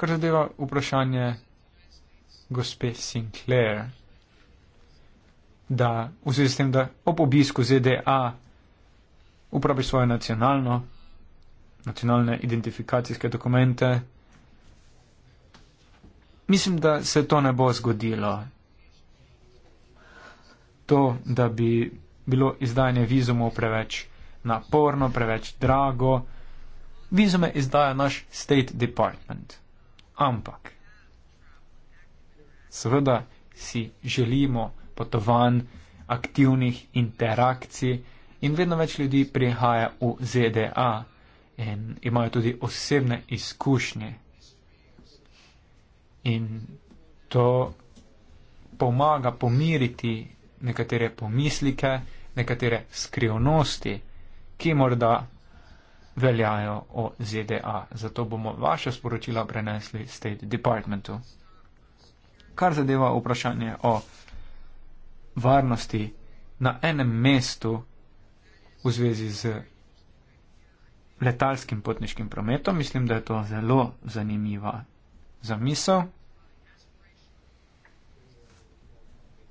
kar zadeva vprašanje gospe Sinclair, da v zvezi s tem, da ob obisku ZDA uporabi svoje nacionalno, nacionalne identifikacijske dokumente. Mislim, da se to ne bo zgodilo. To, da bi bilo izdajanje vizumov preveč naporno, preveč drago. Vizume izdaja naš State Department. Ampak, seveda si želimo potovanj, aktivnih interakcij in vedno več ljudi prihaja v ZDA in imajo tudi osebne izkušnje. In to pomaga pomiriti nekatere pomislike, nekatere skrivnosti, ki morda veljajo o ZDA. Zato bomo vaše sporočila prenesli State Departmentu. Kar zadeva vprašanje o varnosti na enem mestu v zvezi z letalskim potniškim prometom, mislim, da je to zelo zanimiva zamisel.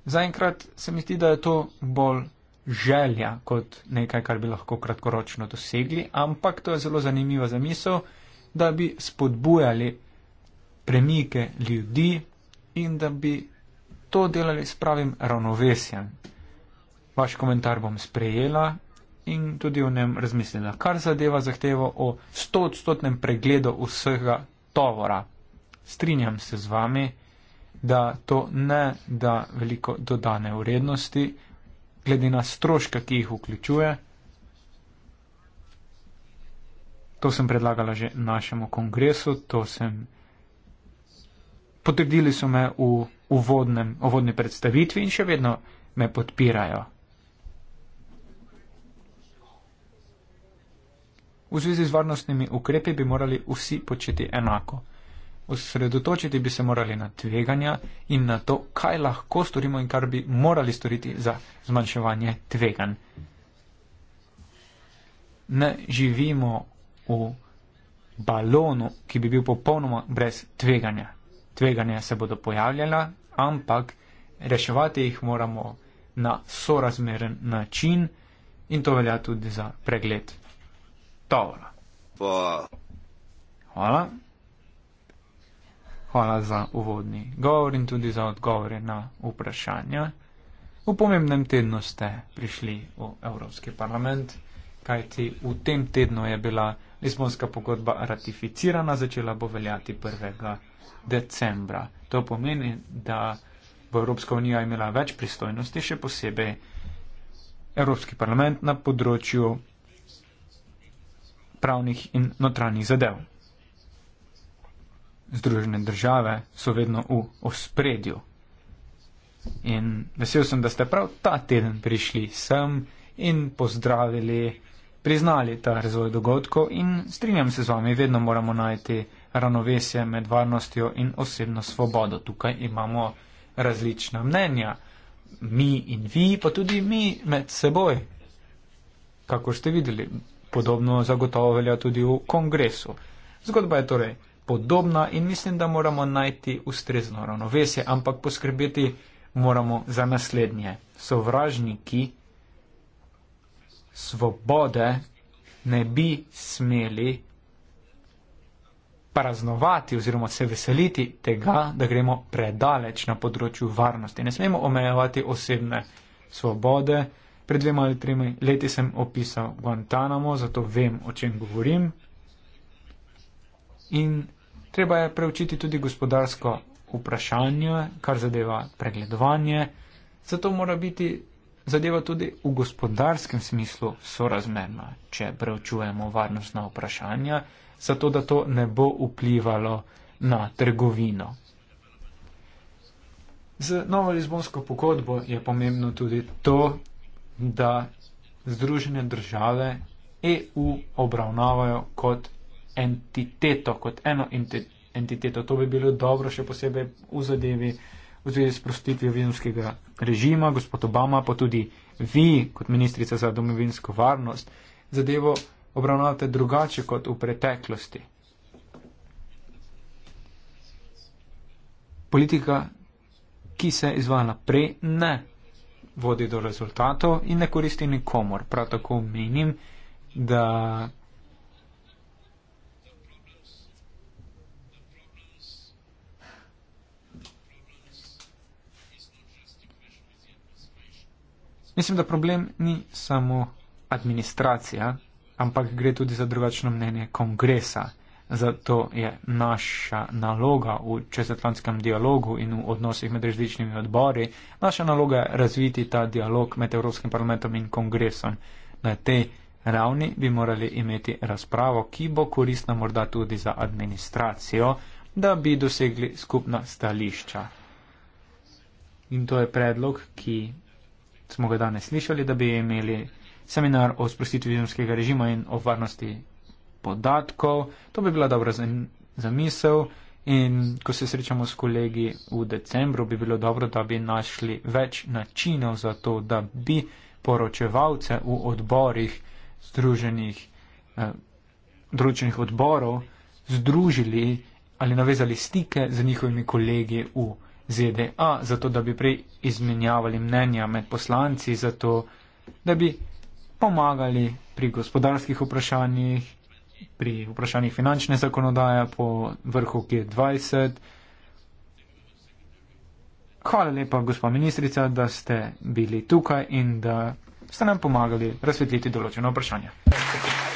Zaenkrat se mi zdi, da je to bolj želja kot nekaj, kar bi lahko kratkoročno dosegli, ampak to je zelo zanimiva zamisel, da bi spodbujali premike ljudi in da bi to delali s pravim ravnovesjem. Vaš komentar bom sprejela in tudi o njem razmislila, kar zadeva zahtevo o 100-odstotnem pregledu vsega tovora. Strinjam se z vami, da to ne da veliko dodane vrednosti, glede na stroške, ki jih vključuje. To sem predlagala že našemu kongresu, to sem. Potrdili so me v uvodni predstavitvi in še vedno me podpirajo. V zvezi z varnostnimi ukrepi bi morali vsi početi enako osredotočiti bi se morali na tveganja in na to, kaj lahko storimo in kar bi morali storiti za zmanjševanje tveganj. Ne živimo v balonu, ki bi bil popolnoma brez tveganja. Tveganja se bodo pojavljala, ampak reševati jih moramo na sorazmeren način in to velja tudi za pregled. Tovora. Hvala. Hvala. Hvala za uvodni govor in tudi za odgovore na vprašanja. V pomembnem tednu ste prišli v Evropski parlament, kajti v tem tednu je bila Lisbonska pogodba ratificirana, začela bo veljati 1. decembra. To pomeni, da bo Evropska unija imela več pristojnosti, še posebej Evropski parlament na področju pravnih in notranjih zadev. Združene države so vedno v ospredju. In vesel sem, da ste prav ta teden prišli sem in pozdravili, priznali ta razvoj dogodkov in strinjam se z vami, vedno moramo najti ravnovesje med varnostjo in osebno svobodo. Tukaj imamo različna mnenja, mi in vi, pa tudi mi med seboj. Kako ste videli, podobno zagotovlja tudi v kongresu. Zgodba je torej podobna in mislim, da moramo najti ustrezno ravnovesje, ampak poskrbeti moramo za naslednje. Sovražniki svobode ne bi smeli praznovati oziroma se veseliti tega, da gremo predaleč na področju varnosti. Ne smemo omejevati osebne svobode. Pred dvema ali tremi leti sem opisal Guantanamo, zato vem, o čem govorim. In Treba je preučiti tudi gospodarsko vprašanje, kar zadeva pregledovanje, zato mora biti zadeva tudi v gospodarskem smislu sorazmerna, če preučujemo varnostna vprašanja, zato da to ne bo vplivalo na trgovino. Z novo Lizbonsko pogodbo je pomembno tudi to, da Združene države EU obravnavajo kot entiteto, kot eno entiteto. To bi bilo dobro, še posebej v zadevi v zvezi s prostitvijo vizumskega režima, gospod Obama, pa tudi vi, kot ministrica za domovinsko varnost, zadevo obravnavate drugače kot v preteklosti. Politika, ki se je izvajala prej, ne vodi do rezultatov in ne koristi nikomor. Prav tako menim, da Mislim, da problem ni samo administracija, ampak gre tudi za drugačno mnenje kongresa. Zato je naša naloga v čezatlantskem dialogu in v odnosih med različnimi odbori, naša naloga je razviti ta dialog med Evropskim parlamentom in kongresom. Na tej ravni bi morali imeti razpravo, ki bo koristna morda tudi za administracijo, da bi dosegli skupna stališča. In to je predlog, ki smo ga danes slišali, da bi imeli seminar o sprostitvi vizumskega režima in o varnosti podatkov. To bi bila dobra zamisel in ko se srečamo s kolegi v decembru, bi bilo dobro, da bi našli več načinov za to, da bi poročevalce v odborih združenih, eh, družnih odborov združili ali navezali stike z njihovimi kolegi v odborih. ZDA, zato da bi prej izmenjavali mnenja med poslanci, zato da bi pomagali pri gospodarskih vprašanjih, pri vprašanjih finančne zakonodaje po vrhu G20. Hvala lepa, gospa ministrica, da ste bili tukaj in da ste nam pomagali razsvetliti določeno vprašanje. Thank you.